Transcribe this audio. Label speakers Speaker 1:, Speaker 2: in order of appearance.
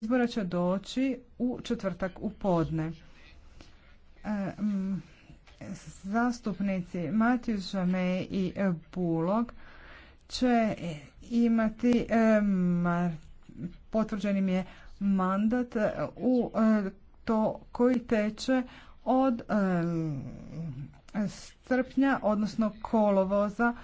Speaker 1: izbora će doći u četvrtak u podne. E, zastupnici Matiju, Žame i e, Bulog će imati e, potvrđenim je mandat u to koji teče od srpnja, odnosno kolovoza